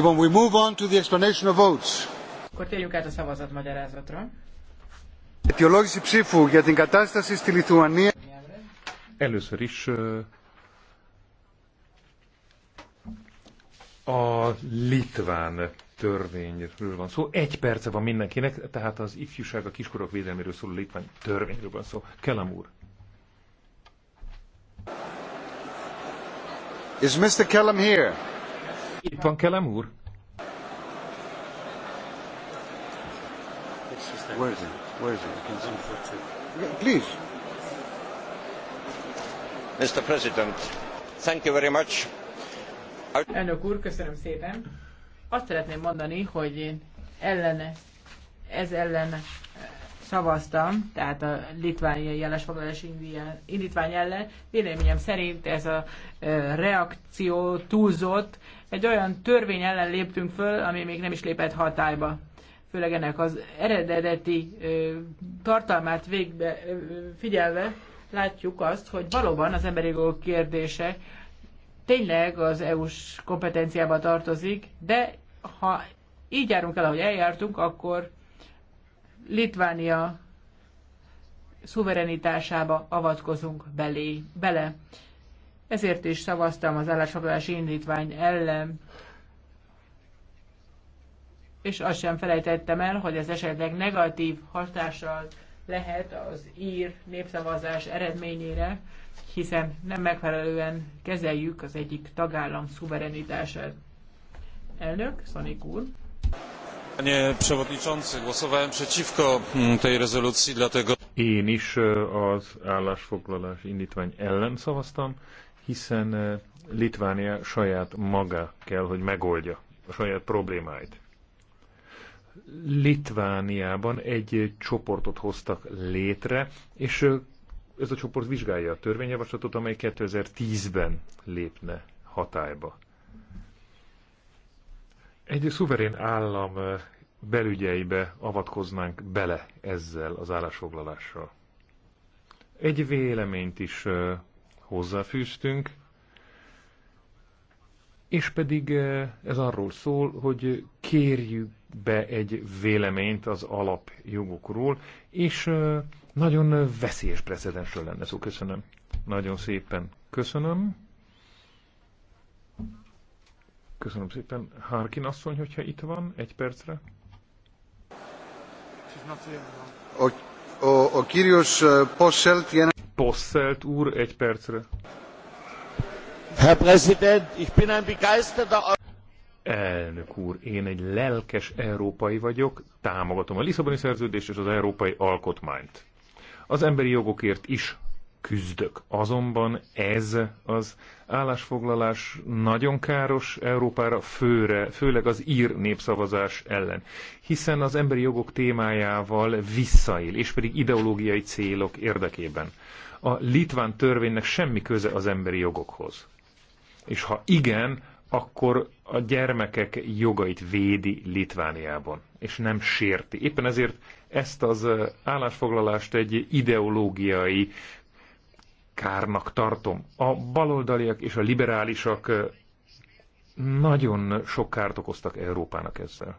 Even we move on to the explanation of votes. Akkor térjünk át a szavazatmagyarázatra. Αιτιολόγηση ψήφου για την κατάσταση στη Λιθουανία. Először is a litván törvényről van szó. Egy perce van mindenkinek, tehát az ifjúság a kiskorok védelméről szóló litván törvényről van szó. Kelem úr. Is Mr. Kellam here? Itt van Kelem úr? Where is Where is Please. Mr. President, thank you very much. Elnök úr, köszönöm szépen. Azt szeretném mondani, hogy én ellene, ez ellen eh, szavaztam, tehát a litvániai ellensfoglalási indítvány ellen. Véleményem szerint ez a eh, reakció túlzott, egy olyan törvény ellen léptünk föl, ami még nem is lépett hatályba. Főleg ennek az eredeti ö, tartalmát végbe ö, figyelve látjuk azt, hogy valóban az emberi jogok kérdése tényleg az EU-s kompetenciába tartozik, de ha így járunk el, ahogy eljártunk, akkor Litvánia szuverenitásába avatkozunk belé, bele ezért is szavaztam az állásfoglalási indítvány ellen, és azt sem felejtettem el, hogy ez esetleg negatív hatással lehet az ír népszavazás eredményére, hiszen nem megfelelően kezeljük az egyik tagállam szuverenitását. Elnök, Szanik úr. Panie przewodniczący, głosowałem przeciwko mm, tej rezolucji, dlatego... Én is e, az állásfoglalás indítvány ellen szavaztam, hiszen eh, Litvánia saját maga kell, hogy megoldja a saját problémáit. Litvániában egy csoportot hoztak létre, és eh, ez a csoport vizsgálja a törvényjavaslatot, amely 2010-ben lépne hatályba. Egy szuverén állam eh, belügyeibe avatkoznánk bele ezzel az állásfoglalással. Egy véleményt is hozzáfűztünk, és pedig eh, ez arról szól, hogy kérjük be egy véleményt az alapjogokról, és eh, nagyon veszélyes precedensről lenne szó. Szóval köszönöm. Nagyon szépen köszönöm. Köszönöm szépen. Harkin asszony, hogyha itt van, egy percre. A, a, a Kirios eh, Posselt jelen... Posselt úr egy percre. Herr Präsident, ich bin ein begeisterter... Elnök úr, én egy lelkes európai vagyok, támogatom a Lisszaboni szerződést és az európai alkotmányt. Az emberi jogokért is küzdök. Azonban ez az állásfoglalás nagyon káros Európára, főre, főleg az ír népszavazás ellen, hiszen az emberi jogok témájával visszaél, és pedig ideológiai célok érdekében a litván törvénynek semmi köze az emberi jogokhoz? És ha igen, akkor a gyermekek jogait védi Litvániában, és nem sérti. Éppen ezért ezt az állásfoglalást egy ideológiai kárnak tartom. A baloldaliak és a liberálisak nagyon sok kárt okoztak Európának ezzel.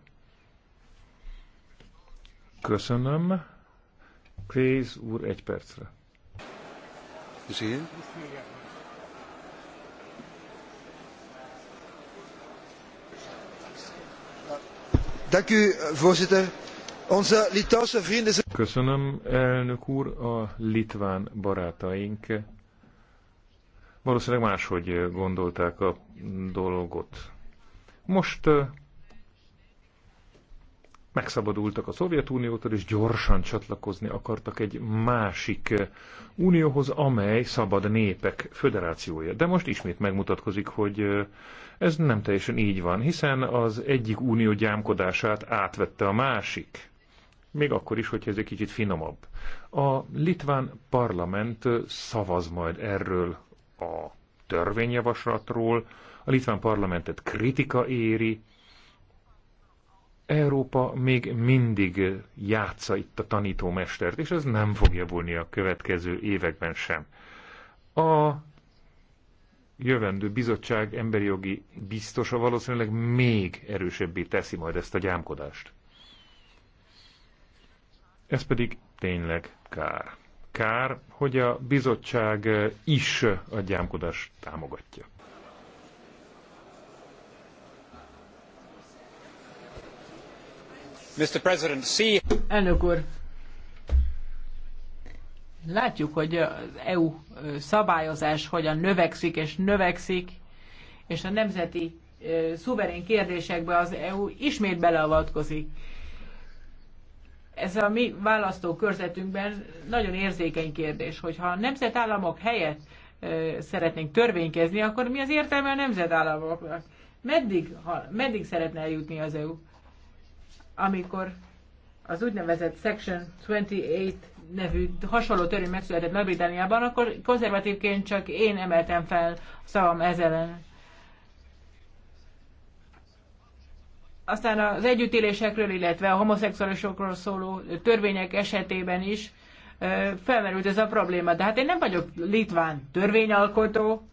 Köszönöm. Krész úr, egy percre. Dank u, voorzitter. Onze Litouwse vrienden zijn... Köszönöm, elnök úr, a litván barátaink valószínűleg máshogy gondolták a dolgot. Most megszabadultak a Szovjetuniótól, és gyorsan csatlakozni akartak egy másik eh, unióhoz, amely szabad népek föderációja. De most ismét megmutatkozik, hogy eh, ez nem teljesen így van, hiszen az egyik unió gyámkodását átvette a másik. Még akkor is, hogyha ez egy kicsit finomabb. A litván parlament eh, szavaz majd erről a törvényjavaslatról, a litván parlamentet kritika éri, Európa még mindig játsza itt a tanítómestert, és ez nem fog javulni a következő években sem. A jövendő bizottság emberi jogi biztosa valószínűleg még erősebbé teszi majd ezt a gyámkodást. Ez pedig tényleg kár. Kár, hogy a bizottság is a gyámkodást támogatja. Elnök úr, látjuk, hogy az EU szabályozás hogyan növekszik és növekszik, és a nemzeti szuverén kérdésekbe az EU ismét beleavatkozik. Ez a mi választókörzetünkben nagyon érzékeny kérdés, hogyha a nemzetállamok helyett szeretnénk törvénykezni, akkor mi az értelme a nemzetállamoknak? Meddig, ha, meddig szeretne eljutni az EU? amikor az úgynevezett Section 28 nevű hasonló törvény megszületett nagy britániában akkor konzervatívként csak én emeltem fel szavam ezzel ellen. Aztán az együttélésekről, illetve a homoszexuálisokról szóló törvények esetében is felmerült ez a probléma. De hát én nem vagyok litván törvényalkotó,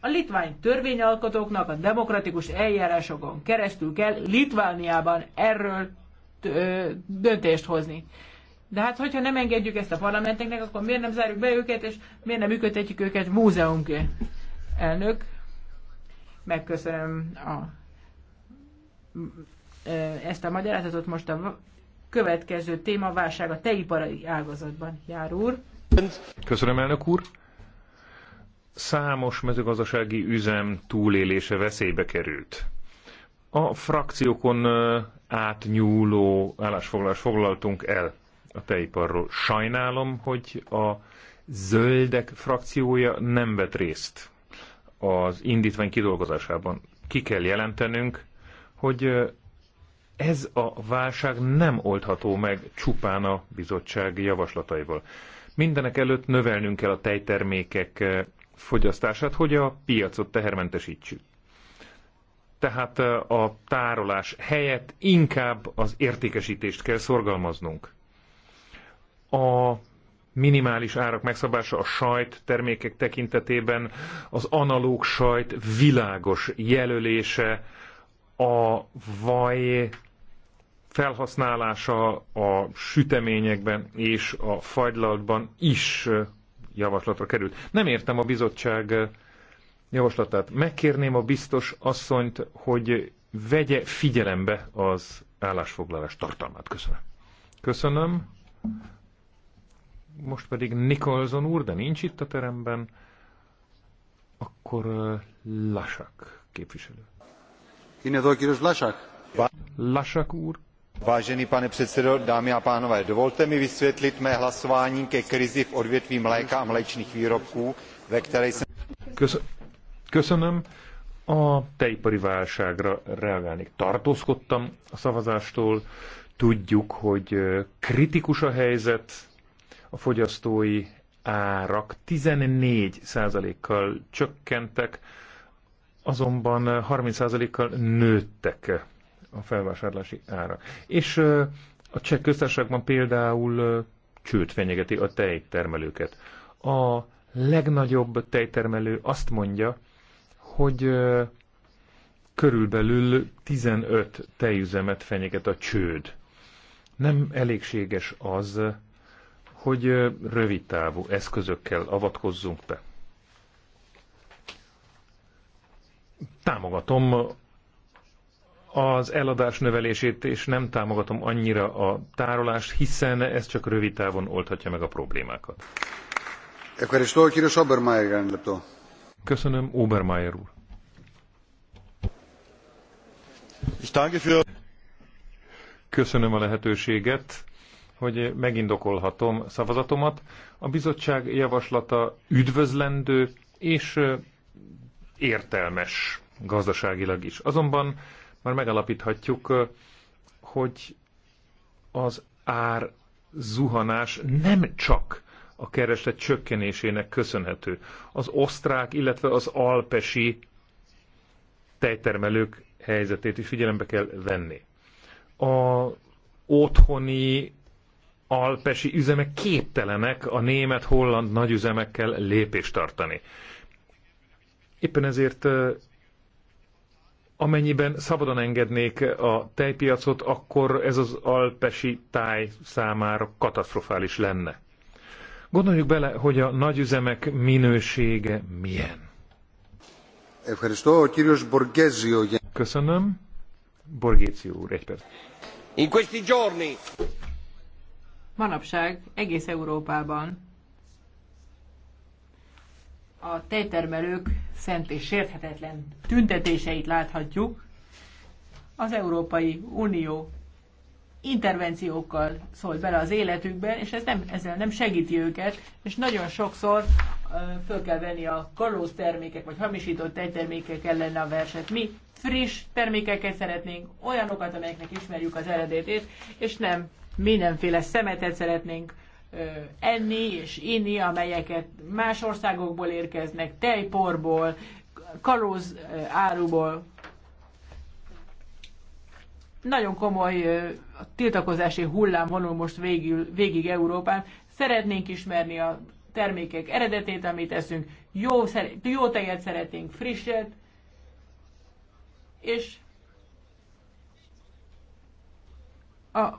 a litvány törvényalkotóknak a demokratikus eljárásokon keresztül kell Litvániában erről döntést hozni. De hát, hogyha nem engedjük ezt a parlamenteknek, akkor miért nem zárjuk be őket, és miért nem működtetjük őket múzeumk Elnök, megköszönöm a, ezt a magyarázatot. Most a következő téma válság a teipari ágazatban jár úr. Köszönöm, elnök úr számos mezőgazdasági üzem túlélése veszélybe került. A frakciókon átnyúló állásfoglalást foglaltunk el a tejiparról. Sajnálom, hogy a zöldek frakciója nem vett részt az indítvány kidolgozásában. Ki kell jelentenünk, hogy ez a válság nem oldható meg csupán a bizottság javaslataival. Mindenek előtt növelnünk kell a tejtermékek fogyasztását, hogy a piacot tehermentesítsük. Tehát eh, a tárolás helyett inkább az értékesítést kell szorgalmaznunk. A minimális árak megszabása a sajt termékek tekintetében, az analóg sajt világos jelölése, a vaj felhasználása a süteményekben és a fagylaltban is eh, javaslatra került. Nem értem a bizottság eh, javaslatát. Megkérném a biztos asszonyt, hogy vegye figyelembe az állásfoglalás tartalmát. Köszönöm. Köszönöm. Most pedig Nikolson úr, de nincs itt a teremben. Akkor eh, Lasak képviselő. Én Lasak. Lasak úr pane předsedající dovolte mi vysvětlit mé hlasování ke krizi v odvětví mléka a mléčných výrobků, ve které jsem... Köszönöm. A tejipari válságra reagálni. Tartózkodtam a szavazástól. Tudjuk, hogy kritikus a helyzet. A fogyasztói árak 14%-kal csökkentek, azonban 30%-kal nőttek a felvásárlási ára. És a cseh köztársaságban például csőt fenyegeti a tejtermelőket. A legnagyobb tejtermelő azt mondja, hogy körülbelül 15 tejüzemet fenyeget a csőd. Nem elégséges az, hogy rövidtávú eszközökkel avatkozzunk be. Támogatom az eladás növelését, és nem támogatom annyira a tárolást, hiszen ez csak rövid távon oldhatja meg a problémákat. Köszönöm, Obermeier úr. Köszönöm a lehetőséget, hogy megindokolhatom szavazatomat. A bizottság javaslata üdvözlendő és értelmes gazdaságilag is. Azonban már megalapíthatjuk, hogy az ár zuhanás nem csak a kereslet csökkenésének köszönhető. Az osztrák, illetve az alpesi tejtermelők helyzetét is figyelembe kell venni. A otthoni alpesi üzemek képtelenek a német-holland nagyüzemekkel lépést tartani. Éppen ezért amennyiben szabadon engednék a tejpiacot, akkor ez az alpesi táj számára katasztrofális lenne. Gondoljuk bele, hogy a nagyüzemek minősége milyen. Köszönöm. Borgézi úr, egy perc. In questi giorni. Manapság egész Európában a tejtermelők szent és sérthetetlen tüntetéseit láthatjuk. Az Európai Unió intervenciókkal szól bele az életükbe, és ez nem, ezzel nem segíti őket, és nagyon sokszor föl kell venni a kalóz termékek, vagy hamisított tejtermékek ellen a verset. Mi friss termékeket szeretnénk, olyanokat, amelyeknek ismerjük az eredetét, és nem mindenféle szemetet szeretnénk enni és inni, amelyeket más országokból érkeznek, tejporból, kalóz áruból. Nagyon komoly tiltakozási hullám vonul most végül, végig Európán. Szeretnénk ismerni a termékek eredetét, amit eszünk. Jó, jó tejet szeretnénk, frisset, és a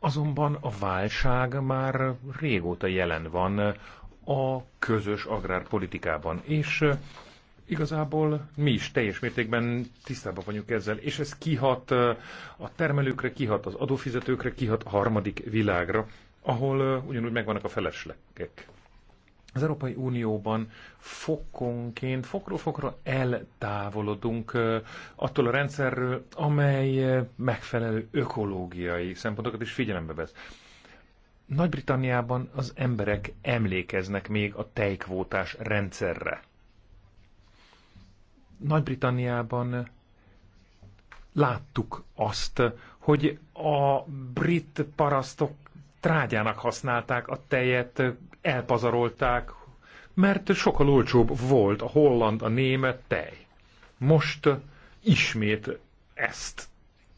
Azonban a válság már régóta jelen van a közös agrárpolitikában, és igazából mi is teljes mértékben tisztában vagyunk ezzel, és ez kihat a termelőkre, kihat az adófizetőkre, kihat a harmadik világra, ahol ugyanúgy megvannak a feleslegek. Az Európai Unióban fokonként, fokról fokra eltávolodunk attól a rendszerről, amely megfelelő ökológiai szempontokat is figyelembe vesz. Nagy-Britanniában az emberek emlékeznek még a tejkvótás rendszerre. Nagy-Britanniában láttuk azt, hogy a brit parasztok trágyának használták a tejet, elpazarolták, mert sokkal olcsóbb volt a holland, a német tej. Most ismét ezt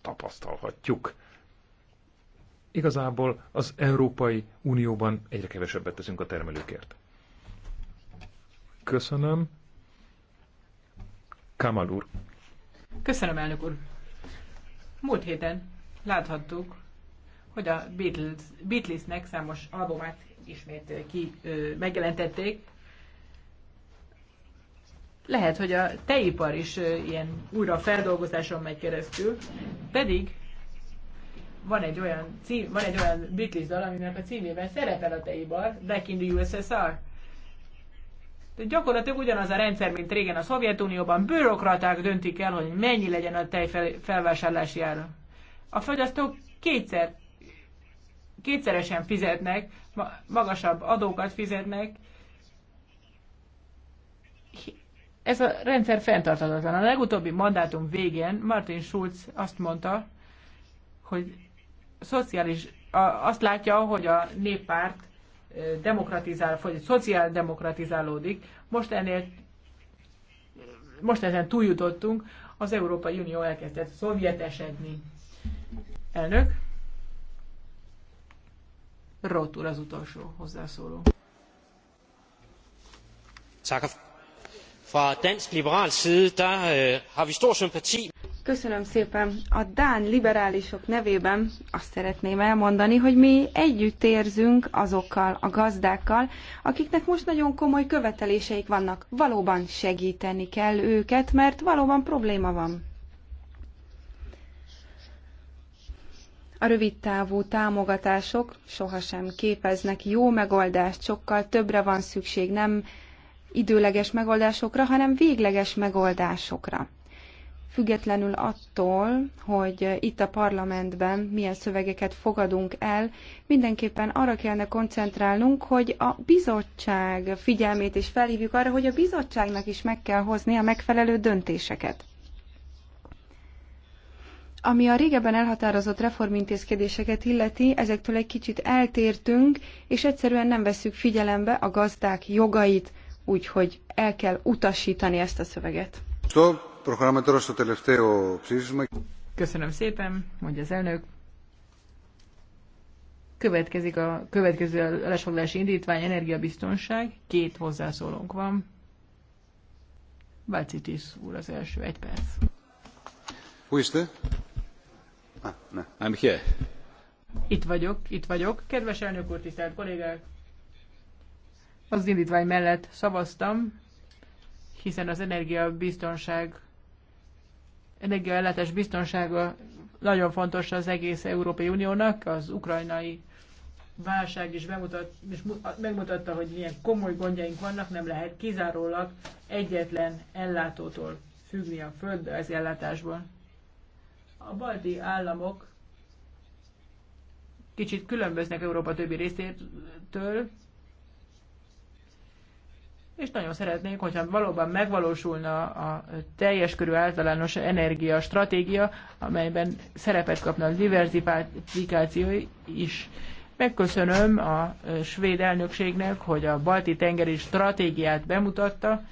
tapasztalhatjuk. Igazából az Európai Unióban egyre kevesebbet teszünk a termelőkért. Köszönöm. Kamal úr. Köszönöm, elnök úr. Múlt héten láthattuk, hogy a Beatles, Beatlesnek számos albumát ismét ki ö, megjelentették. Lehet, hogy a teipar is ö, ilyen újra feldolgozáson megy keresztül, pedig van egy olyan, cím, van egy olyan Beatles dal, aminek a címében szerepel a teipar, Back in the USSR. De gyakorlatilag ugyanaz a rendszer, mint régen a Szovjetunióban, bürokraták döntik el, hogy mennyi legyen a tej felvásárlási ára. A fogyasztók kétszer kétszeresen fizetnek, magasabb adókat fizetnek. Ez a rendszer fenntartatlan. A legutóbbi mandátum végén Martin Schulz azt mondta, hogy a szociális, a, azt látja, hogy a néppárt demokratizál, vagy demokratizálódik Most ennél most ezen túljutottunk, az Európai Unió elkezdett szovjetesedni. Elnök. Roth az utolsó hozzászóló. Tak. Fra dansk liberal side, der øh, har vi stor sympati. Köszönöm szépen. A Dán liberálisok nevében azt szeretném elmondani, hogy mi együtt érzünk azokkal a gazdákkal, akiknek most nagyon komoly követeléseik vannak. Valóban segíteni kell őket, mert valóban probléma van. A rövid távú támogatások sohasem képeznek jó megoldást, sokkal többre van szükség, nem időleges megoldásokra, hanem végleges megoldásokra. Függetlenül attól, hogy itt a parlamentben milyen szövegeket fogadunk el, mindenképpen arra kellene koncentrálnunk, hogy a bizottság figyelmét is felhívjuk arra, hogy a bizottságnak is meg kell hozni a megfelelő döntéseket. Ami a régebben elhatározott reformintézkedéseket illeti, ezektől egy kicsit eltértünk, és egyszerűen nem veszük figyelembe a gazdák jogait, úgyhogy el kell utasítani ezt a szöveget. Köszönöm szépen, mondja az elnök. Következik a következő elesfoglalási indítvány, energiabiztonság. Két hozzászólónk van. Bácsi úr az első, egy perc. Hú, Ah, I'm here. Itt vagyok, itt vagyok. Kedves elnök úr, tisztelt kollégák! Az indítvány mellett szavaztam, hiszen az energiabiztonság, energiaellátás biztonsága nagyon fontos az egész Európai Uniónak, az ukrajnai válság is, bemutat, és megmutatta, hogy milyen komoly gondjaink vannak, nem lehet kizárólag egyetlen ellátótól függni a föld az ellátásból. A balti államok kicsit különböznek Európa többi részétől, és nagyon szeretnénk, hogyha valóban megvalósulna a teljes körű általános energia stratégia, amelyben szerepet kapna a diversifikáció is. Megköszönöm a svéd elnökségnek, hogy a balti tengeri stratégiát bemutatta,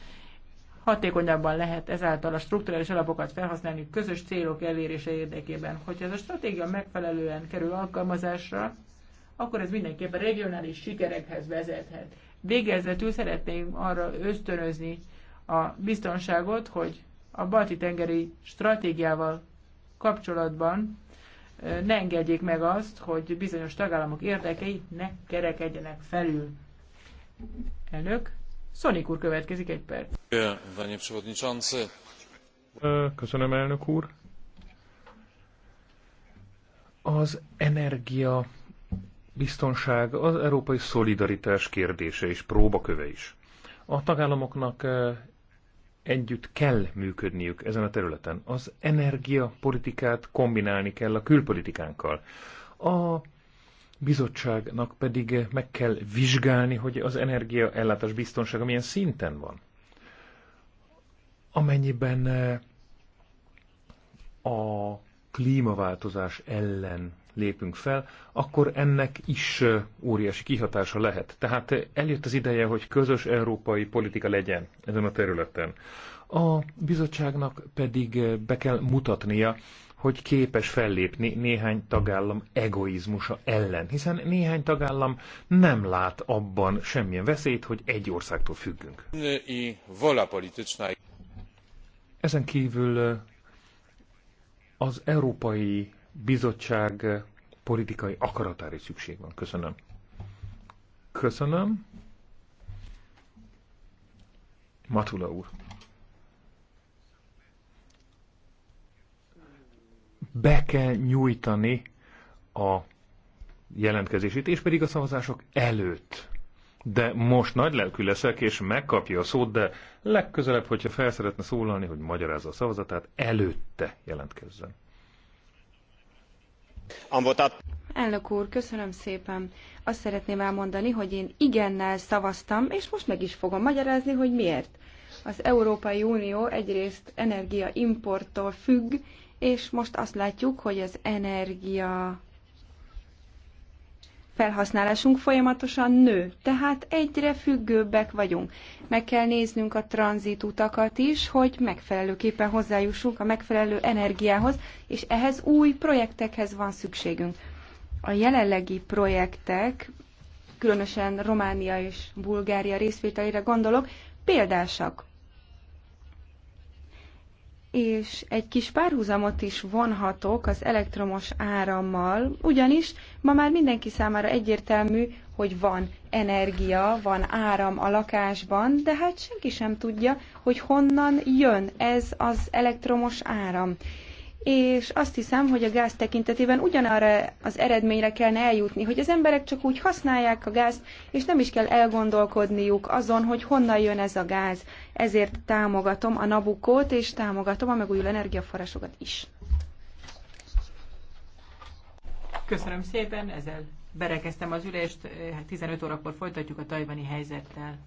hatékonyabban lehet ezáltal a strukturális alapokat felhasználni közös célok elérése érdekében. Hogyha ez a stratégia megfelelően kerül alkalmazásra, akkor ez mindenképpen regionális sikerekhez vezethet. Végezetül szeretném arra ösztönözni a biztonságot, hogy a balti-tengeri stratégiával kapcsolatban ne engedjék meg azt, hogy bizonyos tagállamok érdekei ne kerekedjenek felül. Elnök, Szonik úr következik egy perc. Köszönöm, elnök úr. Az energia biztonság az európai szolidaritás kérdése és próbaköve is. A tagállamoknak együtt kell működniük ezen a területen. Az energiapolitikát kombinálni kell a külpolitikánkkal. A bizottságnak pedig meg kell vizsgálni, hogy az energiaellátás biztonsága milyen szinten van. Amennyiben eh, a klímaváltozás ellen lépünk fel, akkor ennek is eh, óriási kihatása lehet. Tehát eh, eljött az ideje, hogy közös európai politika legyen ezen a területen. A bizottságnak pedig be kell mutatnia, hogy képes fellépni néhány tagállam egoizmusa ellen, hiszen néhány tagállam nem lát abban semmilyen veszélyt, hogy egy országtól függünk. Ezen kívül eh, az Európai Bizottság eh, politikai akaratára is szükség van. Köszönöm. Köszönöm. Matula úr. be kell nyújtani a jelentkezését, és pedig a szavazások előtt. De most nagy lelkű leszek, és megkapja a szót, de legközelebb, hogyha fel szeretne szólalni, hogy magyarázza a szavazatát, előtte jelentkezzen. Elnök úr, köszönöm szépen. Azt szeretném elmondani, hogy én igennel szavaztam, és most meg is fogom magyarázni, hogy miért. Az Európai Unió egyrészt energiaimporttól függ, és most azt látjuk, hogy az energia felhasználásunk folyamatosan nő, tehát egyre függőbbek vagyunk. Meg kell néznünk a tranzitutakat is, hogy megfelelőképpen hozzájussunk a megfelelő energiához, és ehhez új projektekhez van szükségünk. A jelenlegi projektek, különösen Románia és Bulgária részvételére gondolok, példásak és egy kis párhuzamot is vonhatok az elektromos árammal, ugyanis ma már mindenki számára egyértelmű, hogy van energia, van áram a lakásban, de hát senki sem tudja, hogy honnan jön ez az elektromos áram és azt hiszem, hogy a gáz tekintetében ugyanarra az eredményre kellene eljutni, hogy az emberek csak úgy használják a gázt, és nem is kell elgondolkodniuk azon, hogy honnan jön ez a gáz. Ezért támogatom a Nabukót, és támogatom a megújuló energiaforrásokat is. Köszönöm szépen, ezzel berekeztem az ülést, 15 eh, hát órakor folytatjuk a tajvani helyzettel.